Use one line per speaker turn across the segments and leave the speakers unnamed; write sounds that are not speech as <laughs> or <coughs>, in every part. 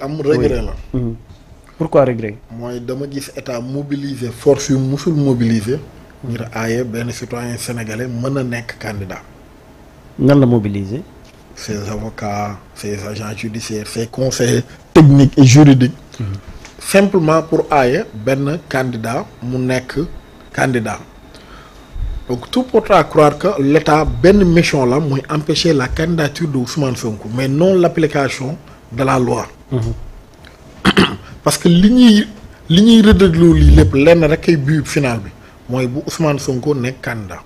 am regret la.
Mhm. pourquoi regret.
mooy dama gis état mobiliser force yu musul mobiliser. ngir aaye benn citoyen sénégalais mën a nekk candidat. nan la mobiliser. ses avocats ses agents judiciaires ses conseillers techniques et juridiques. Mmh. simplement pour aaye benn candidat mu nekk candidat. donc tout porte à que l' benn mission la muy empêcher la candidature de Ousmane Sonko mais non l' application de la loi.
<coughs>
parce que li ñuy li ñuy rëddëgloo lii lépp lenn rek kay but final bi mooy bu Ousmane Sonko nekk candidat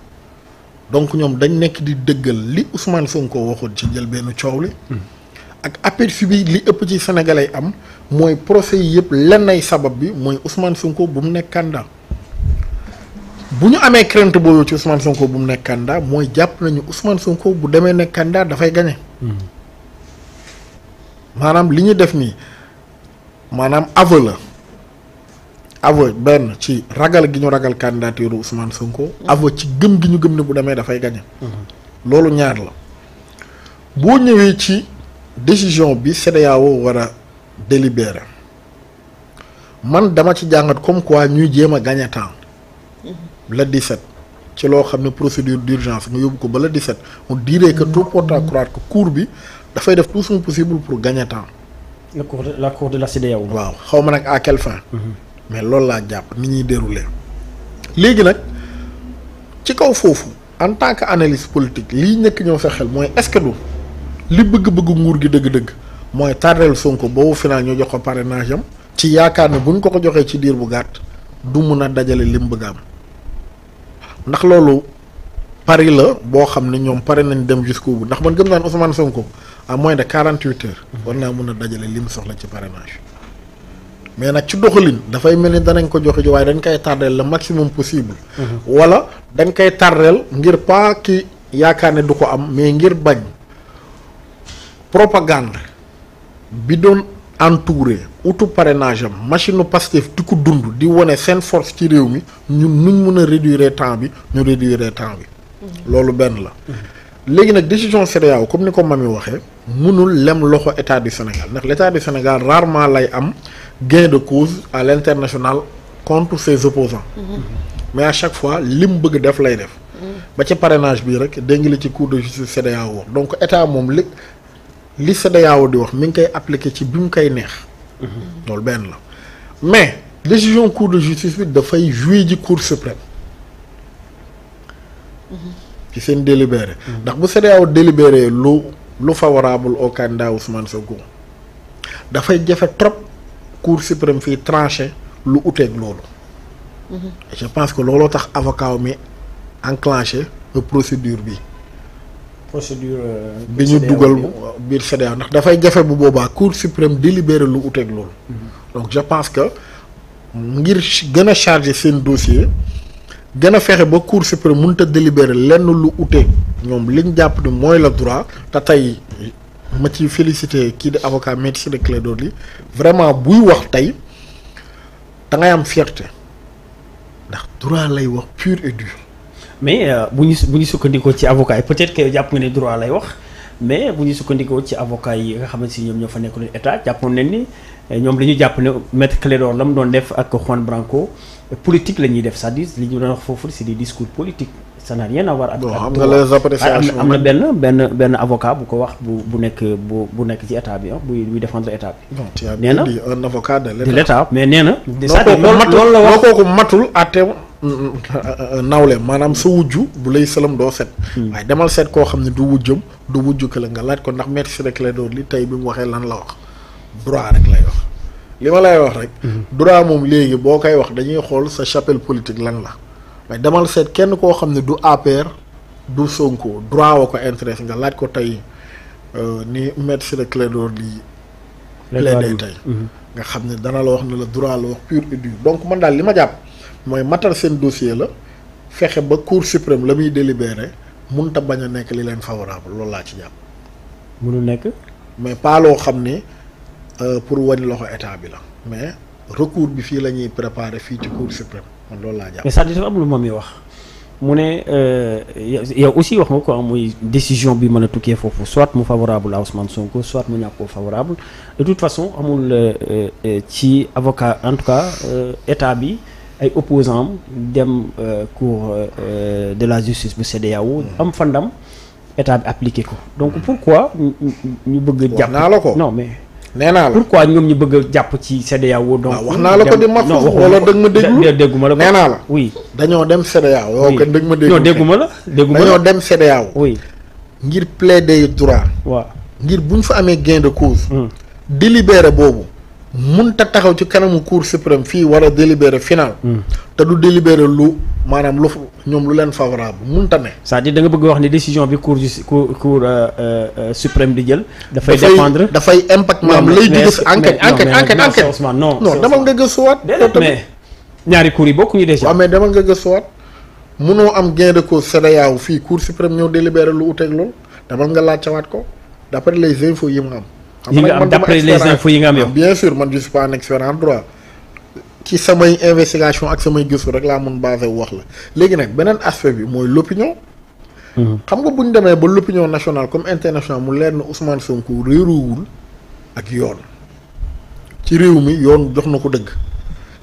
donc ñoom dañ nekk di dëggal li Ousmane Sonko waxoon ci jël benn coow li ak aperçu bi li ëpp ci sénégalais am mooy procès yëpp lenn ay sabab bi mooy Ousmane Sonko bu mu nekk candidat bu ñu amee crainte boobu ci Ousmane Sonko bu mu nekk candidat mooy jàpp nañu Ousmane Sonko bu demee nekk candidat dafay gagné. maanaam li ñu def nii maanaam aveu la aveu benn ci ragal gi ñu ragal candidature Ousmane Sonko. aveu ci gëm gi ñu gëm ne bu demee dafay gañe
mhm.
loolu ñaar la boo ñëwee ci décision bi CEDEAO war a délibéré man dama ci jàngat comme quoi ñuy jéem a gagné temps mhm. le 17. ci loo xam ne procédure d'urgence nga yóbbu ko ba le 17 on dirait que tout porte à croire que bi dafay def tout son possible pour gagner temps. la cour de la cour de la CEDEAO waaw xaw ma nag à quelle fin. Mhm. mais loolu laa jàpp ni ñuy déroulé. léegi nag ci kaw foofu en tant que analyste politique lii nekk ñëw sa xel mooy est-ce que du li bëgg-bëgg nguur gi dëgg-dëgg mooy tardeel Sonko boobu final ñu jox ko parrainage am. ci yaakaar ne bu ñu ko ko joxee ci diir bu gàtt du mun a dajale lim bëgg am. ndax loolu pari la boo xam ne ñoom pare nañ dem jusqu'au bu ndax man gëm naa ne Ousmane Sonko à moins de quarante huit heures. war naa mën a dajale li mu soxla ci parrainage. mais nag ci doxalin dafay mel ni danañ ko joxe ji waaye dañ koy tardeel le maximum possible. Mhm. wala dañ koy tardeel ngir pas ki yaakaar ne du ko am mais ngir bañ propagande bi doon. entouré utu parrainage am machine u Pastef di ko dund di wane seen force ci réew mi ñun nuñ mën a réduire temps bi ñu réduire temps bi mhm. loolu benn la léegi nag décision CEDEAO comme ni ko mami waxee mënul lem loxo état du Sénégal ndax l' état du Sénégal rarement lay am gain de cause à l' international contre ses opposants mhm. mais à chaque fois lim bëgg def lay def mhm. ba ci parrainage bii rek dégg nga li ci cour de justice CEDEAO donc état moom li li CEDEAO di wax mi ngi koy appliqué ci bi mu kay neex. Mhm. loolu benn la mais décision cour de justice bi dafay joué ji cour suprême. Mhm. ci seen délibéré. Mhm. ndax bu CEDEAO délibéré lu lu favorable au candidat Ousmane Sonko dafay jafe trop cour suprême fi tranché lu uteeg loolu. je pense que looloo tax avocat mi enclenché procédure bi. procédure euh, bi ñu dugal biir CEDEAO ndax dafay jafe bu boobaa cour suprême délibéré lu uteeg loolu. Mhm. donc je pense que ngir gën a chargé seen dossier gën a fexe ba cour suprême mënut a délibéré lenn lu uteeg ñoom liñ jàpp ni mooy la droit te tey ma ci félicité kii di avocat Maître Ciré Clédor Ly
vraiment buy wax tey da am fierté ndax droit lay wax pur et dur. mais euh, bu ñu bu ñu ci avocat yi peut-être que jàpp nga ne droit lay wax mais bu ñu sukkandikoo ci avocat yi nga xamante si ñoom ñoo fa nekk lu jàppoon nañ euh, ñoom la ñu jàpp ne maître Clédor la mu doon def ak Juan Branco politique la def cest à li ñu doon wax foofu c'est des discours politiques ça n'a rien ak am na benn benn benn avocat bu ko wax bu bu nekk bu bu nekk ci état bi ah, buy buy défendre état bi nee na kooku matul à
<laughs> nawle maanaam sa wujju bu lay sëlam doo set. Hmm. waaye demal seet koo xam ne du wujjam du wujju kële nga laaj ko ndax maître Ciré Clédor Ly tey bi mu waxee lan la wax droit rek lay wax. li ma lay wax rek. Hmm. droit moom léegi boo koy wax dañuy xool sa chapelle politique lan la mais demal seet kenn koo xam ne du APR du Sonko droit wa ko intéressé nga laaj ko tey euh, ni maître Ciré Clédor Ly plaidé tey. Hmm. nga xam ne dana la wax ne la droit la wax pur et dur donc mooy matal seen dossier la fexe ba cour suprême la muy délibéré munta bañ a nekk li leen favorable loolu laa ci jàpp. munu nekk. mais pas xam ne euh, pour wañ loxo état bi la mais recours bi fii la ñuy préparé fii ci cour suprême man loolu laa jàpp. mais c'est-à-dire
dafa am lu wax. mu ne euh, yow aussi wax nga ko muy décision bi mën a tukkee foofu soit mu favorable à Sonko soit mu ñàkk ko favorable de toute façon amul euh, ci avocat en tout cas état bi. ay opposants am dem euh, cour euh, de la justice bu CEDEAO mm-hmm. am fandam ndam état bi appliqué ko donc mm-hmm. pourquoi ñu bëgg a naa la ko non mais nee naa la ñu bëgg jàpp ci CEDEAO donc wax naa la ko di maf wala dëgg ma déglu dégguma la nee naa la oui
dañoo dem CEDEAO yow ma déglu non dégguma la dégguma la dañoo dem CEDEAO oui ngir plaider droit waaw ngir buñ ñu fa amee gain de cause mm. délibéré boobu ta taxaw ci kanamu cour suprême fii war a délibéré final. Hmm. te du délibéré lu maanaam lu ñoom lu leen favorable munta ne.
c'est-à-dire da nga bëgg wax ni décision bi cour ju cour cour euh, euh, euh, suprême di jël. dafay dépendre dafay impact maanaam lay jóge si enquête
enquête enquête enquête dama nga gëstuwaat. mais
ñaari cour yi bokkuñu déjà. waaw amee demal
nga gëstuwaat munoo am gain de sa CEDEAO fii cour suprême ñëw délibéré lu uteeg loolu dama nga laajtewaat ko d'après les infos yi mu am. yi nga am d'après les infos yi nga am yow. bien sûr man je suis pas un ci samay investigation ak samay gisu rek laa mun basé wu wax la léegi nag beneen aspect bi mooy l'opinion. Hmm. xam nga bu demee ba l'opinion nationale comme internationale mu leer na Ousmane Sonko réeruwul ak yoon. ci réew mi yoon jox na ko dëgg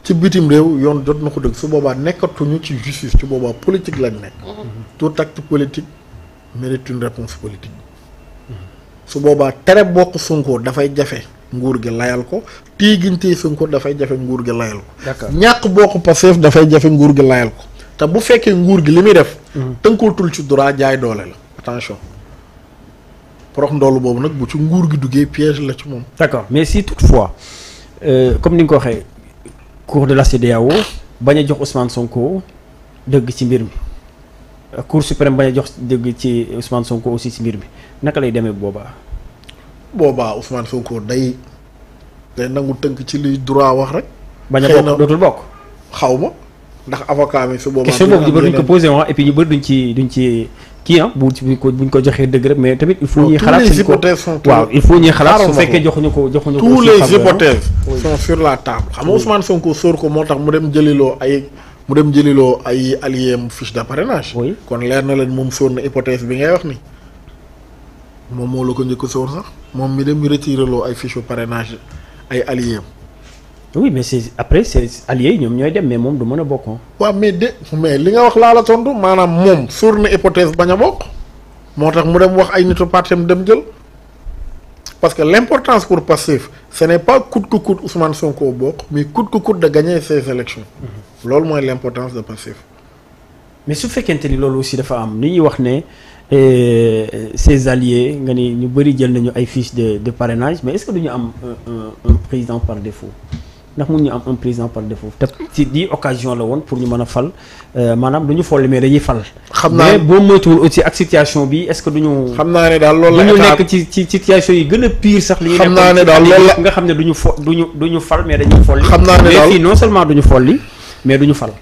ci bitim réew yoon jot na ko dëgg su boobaa nekkatuñu ci justice ci boobaa politique lañ nekk. Hmm. tout acte politique mérite une réponse politique. su boobaa tere bokk Sonko dafay jafe nguur gi layal ko tiigintee Sonko dafay jafe nguur gi layal ko ñàkk bokk Pastef dafay jafe nguur gi layal ko te bu fekkee nguur gi li muy def mhm. tënkootul ci droit jaay doole la attention
porox ndoolu boobu nag bu ci nguur gi duggee piège la ci moom d'accord mais si fois euh, comme ni nga ko waxee cour de la CEDEAO bañ a jox Ousmane Sonko dëgg ci mbir mi cour suprême bañ a jox dégg ci Ousmane Sonko aussi si mbir bi naka lay demee boobaa.
boobaa Ousmane Sonko day day nangu tënk ci li droit wax rek. bañ a bokk dootul bokk xaw ma ndax avocat mi su boobaa. question boobu ñu bëri duñ ko posé
ah, ci duñ ci kii ah bu ko joxee dëgg rek mais tamit. il faut ñuy xalaat suñ ko waaw il faut ñuy xalaat su fekkee joxuñu ko joxuñu ko. tous les ah. hypothèses
sont la table. xam nga Ousmane Sonko sóor ko moo tax mu dem jëliloo ay. mu dem jëliloo ay allié am fiche de parrainage. kon leer na leen moom sóor na hypothèse bi ngay wax ni moom moo la ko njëkk a sax moom mi dem retiré loo ay fiche parrainage ay allié am. oui mais c'est après c'est allié yi ñoom ñooy dem mais moom du mën a bokk. waaw mais de mais li nga wax laa la tontu maanaam moom sóor na hypothèse bañ a bokk moo tax mu dem wax ay nitu partem dem jël. parce que l'importance pour Pastef ce n'est pas coûte que coûte Ousmane Sonko bokk mais de gagner ces loolu mooy l'importance de Pastef
mais su fekkente ni loolu aussi dafa am ni ñuy wax ne eh, ses alliés nga ni ñu bëri jël nañu ay fiches de de parrainage mais est-ce que duñu am un un président par défaut ndax mun ñu am un président par défaut te ci di occasion la woon pour ñu mën a fal euh, maanaam du ñu folle mais dañuy fal. xam naa mais boo moytuwul aussi ak situation bi est-ce que du ñu. xam naa ne daal loolu la ci ci situation yi gën a pire sax. li naa ne nga xam ne du ñu fo du ñu du ñu fal mais dañuy folli. xam naa ne daal mais fii non seulement mais du ñu fal.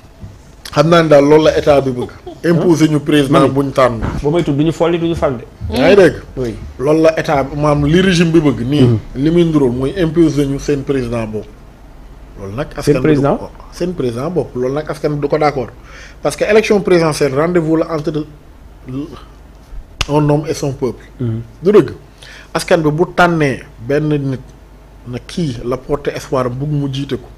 xam naa ne daal loolu la état bi bëgg. Ah. imposer ñu président bu ñu tànn. ba may tudd du ñu folli du ñu fal de.
yaa ngi dégg. loolu la état maam li régime bi bëgg. nii mm-hmm. li muy nduróol mooy imposer ñu seen président boobu. loolu nag askan bi seen président bopp loolu nag askan bi du ko d'accord parce que élection présidentielle rendez-vous la entre un homme et son peuple. Mm-hmm. du dëgg askan bi bu tànnee benn nit. na kii la porter espoir bugg mu jiite ko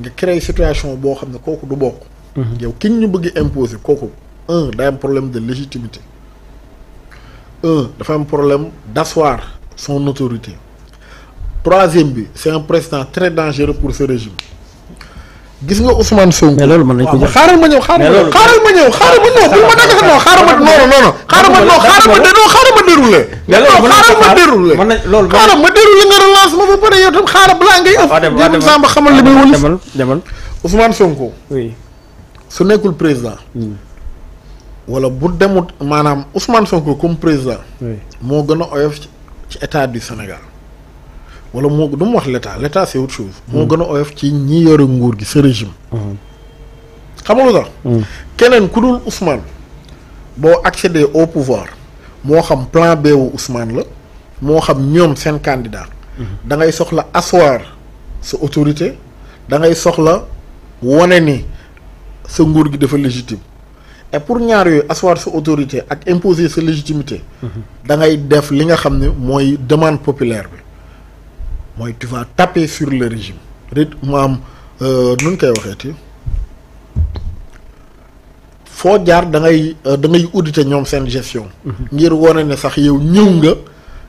nga créer situation boo xam ne kooku du bokk. Mhm. yow ki ñu bëgg imposer kooku un day am problème de légitimité un dafa am problème d'asseoir son autorité troisième bi c'est un président très dangereux pour ce régime. gis nga Ousmane Sonko. mais loolu mën nañu ko jox ma ñëw xaaral ma ñëw xaaral ma ñëw xaaral ma ma loolu mën nañu
ko xaaral
ma déroulé. mën ah, ah, ah, xamal li muy wëlis. demal demal Ousmane su nekkul président. Hmm. wala bu demut maanaam Ousmane Sonko comme président. moo gën a oyof ci état du Sénégal. wala moo du wax l'état l'état c'est autre moo mm. gën a oyof ci ñi yore nguur gi sa régime. Mm. xam nga mm. keneen ku dul Ousmane boo accéder au pouvoir moo xam plan B wu la moo xam ñoom seen candidat. Mm-hmm. da ngay soxla asseoir sa autorité da ngay soxla wone ni sa nguur gi dafa légitime et pour ñaar yooyu asseoir sa autorité ak imposer sa légitimité. Mm-hmm. da ngay def li nga xam ne mooy demande populaire bi. mooy tu vas taper sur le régime rit maam euh, nu ñu koy waxeeti foo jaar dangay ngay euh, da ñoom seen gestion mhm. ngir wane ne sax yow ñëw nga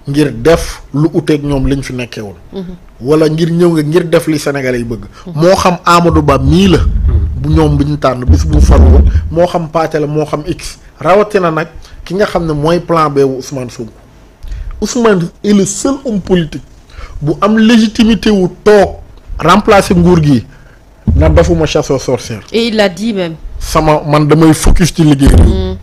ngir def lu uteeg ñoom liñ fi nekkee woon mhm. wala ngir ñëw nga ngir def li sénégal yi bëgg mhm. moo xam Amadou Ba mii la bu ñoom bi ñu tànn bis bu faroo moo xam paate la moo xam x rawatina nag ki nga xam ne mooy plan beewu wu Ousmane Sonko Ousmane seul homme politique bu am légitimité wu toog remplacer nguur gi na dafuma chasse aux sorcières.
et il l'a dit même.
sama man damay focus
ci liggéey bi.
Mm.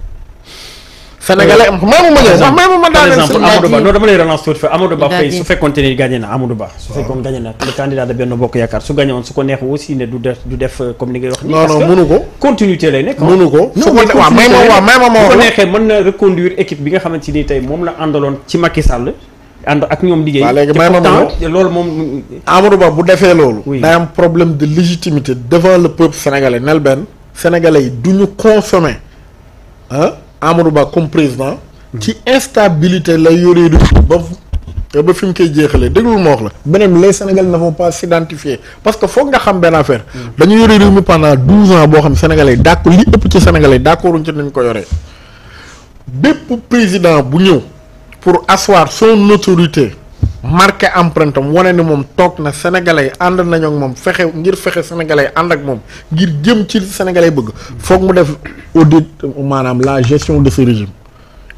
Sénégalais am euh, ma ma
daal exemple Amadou dama lay relance tuuti fa Amadou Ba fay su fekkoon te ne gagné na Amadou Ba su fekkoon gagné na le candidat de Bokk Yaakaar su gagné woon su ko neex aussi ne du def du def euh, comme ni ngay wax. non ko continuité lay nekk. Ah. mënu ko su ko waaw may ma neexee mën na reconduire équipe bi nga xamante ni tey moom la àndaloon ci Macky Sall. ànd ak ñoom liggéey. léegi may ma ma loolu moom. Amadou Ba bu
defee loolu. day am problème de légitimité devant le peuple sénégalais nel benn sénégalais yi du ñu consommer ah Amadou Ba comme président. Mm. ci instabilité lay yore ba. ba fi mu koy jeexalee déglul ma wax la beneen les sénégalais ne vont pas s'identifier parce que foog nga xam benn affaire mm. dañu yore réew mi pendant douze ans boo xam sénégalais yi d'accord li ëpp ci sénégalais yi d'accorduñ ci nañ ko yoree bépp président bu ñëw pour asseoir son autorité marqué empreinte am wane ni moom toog na sénégalais yi ànd nañu ak moom fexe ngir fexe sénégalais yi ànd ak moom ngir jëm ci sénégalais bëgg foog mu def audit maanaam la gestion de ce régime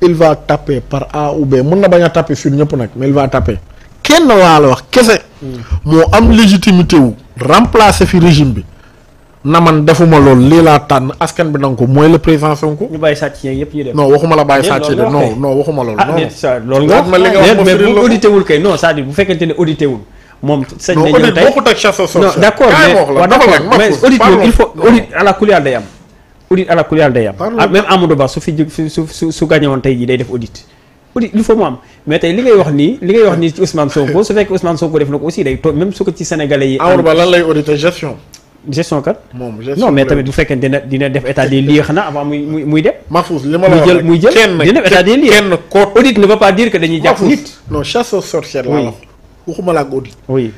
il va taper par A ou mun na bañ a taper sur ñëpp nag mais il va taper kenn laa la wax kese hmm. moo am légitimité wu remplacer fi régime bi na man defuma loolu lii laa tànn askan bi nangu ko mooy le président Sonko.
ñu bàyyi sàcc yeeg yëpp ñu dem. non waxuma la bàyyi sàcc de non non waxuma loolu. ah déet loolu nga wax mais bu audité wul ne audité wul. moom sañ nañu tey non audit bokkut mais mais il faut audit à la couleur day am. audit à la ah, Ba su fi su su su gagné woon jii day def audit. audit il faut mu am mais tey li ngay wax nii li ngay wax nii ci Ousmane Sonko su fekkee Ousmane Sonko def na ko aussi day toog même su ko ci sénégalais yi. gestion kat. moom gestion non mais tamit bu fekkee dina dina def état des lieux xanaa avant muy muy dem. Mahfouz jël muy jël kenn kooku audit pas dire que dañuy jàpp nit.
non chasseur laa la waxuma la ak audit. oui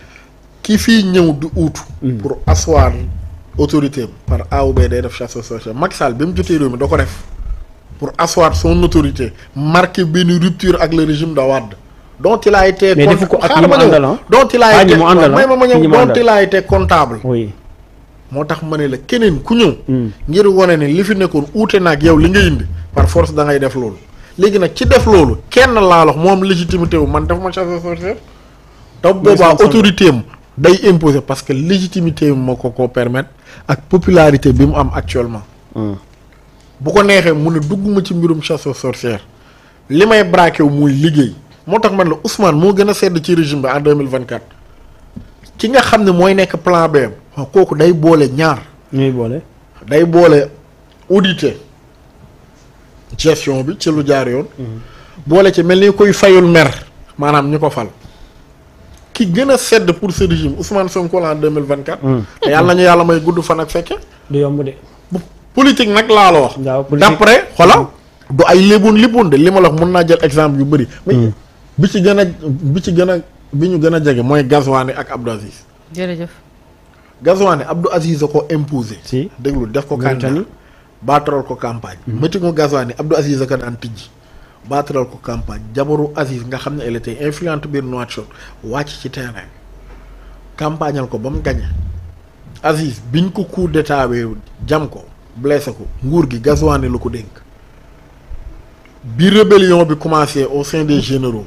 ki fii ñëw du uutu. Hmm. pour asseoir autorité par A ou B day def chasseur sorcière Macky Sall bi mu jotee réew mi da ko def pour asseoir son autorité marqué benn rupture ak le régime de Wade. dont il a été. mais defu ko ak ñi mu ah. comptable. moo tax ma ne la keneen ku ñëw. Hmm. ngir wane ne li fi nekkoon uute na ak yow li nga indi par force da ngay def loolu. léegi nag ci def loolu kenn laalox moom légitimité wu man def ma chasseur sorcier. taw boobaa autorité am day imposer parce que légitimité am moo ko ko permettre ak popularité bi mu am actuellement. Hmm. bu ko neexee mu ne dugg ma ci mbirum chasseur sorcière li may braqué wu muy liggéey. moo tax man la Ousmane moo gën a sedd ci régime bi en deux mille vingt quatre ki nga xam ne mooy nekk plan B kooku day boole ñaar. ñuy boole. day boole auditer gestion bi ci lu jaar yoon. Mhm. boole ci mel ni koy fayul mer maanaam ñu ko fal. ki gën a sedd pour ce régime Ousmane Sonko la en deux mille vingt quatre. te mhm. yàlla nañu yàlla may gudd fan ak fekke. du yomb de. bu politique nag laa la wax. d' après xoolal du ay léeboon léeboon de li ma la wax mën naa jël exemple yu bëri. Mhm. bi ci gën a bi ci gën bi ñu gën a jege mooy Gazouani ak Abdou Aziz. Gazawaane Abdou Aziz a ko imposé. si déglu def ko. candidat baataral ko campagne. Mhm. meetingu Gazawaane Abdou Aziz a ko daan tijji. baataral ko campagne jabaru Aziz nga xam ne elle était influente biir Nouakchott wàcc ci terrain campagnal ko ba mu gañe Aziz biñ ko coup d'état wee jam ko blessé ko nguur gi Gazawaane la ko dénk. bi rébellion bi commencé au sein des généraux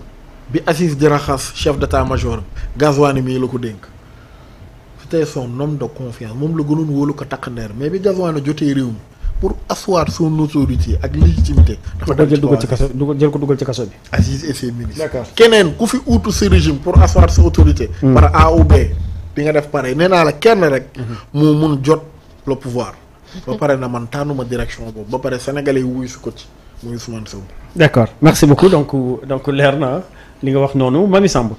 bi Aziz di raxas chef d'état-major Gazawaane mii la ko dénk. c'était son de confiance moom la gënoon wóolu ko takk ndeer mais bi Gazoana jotee réew mi pour asseoir son autorité ak légitimité. dafa dal dugal ci kaso jël ko dugal ci kaso bi. Aziz et ses ministres. keneen ku fi uutu sa régime pour asseoir sa autorité. Hmm. par A ou B pare nee naa la kenn rek. Hmm. moo mun jot le pouvoir. ba pare na man tànnuma direction boobu ba pare sénégalais yi wuyu su ko ci muy Ousmane Sow.
d'accord merci beaucoup donc donc
leer na li nga wax noonu Mamy Samb.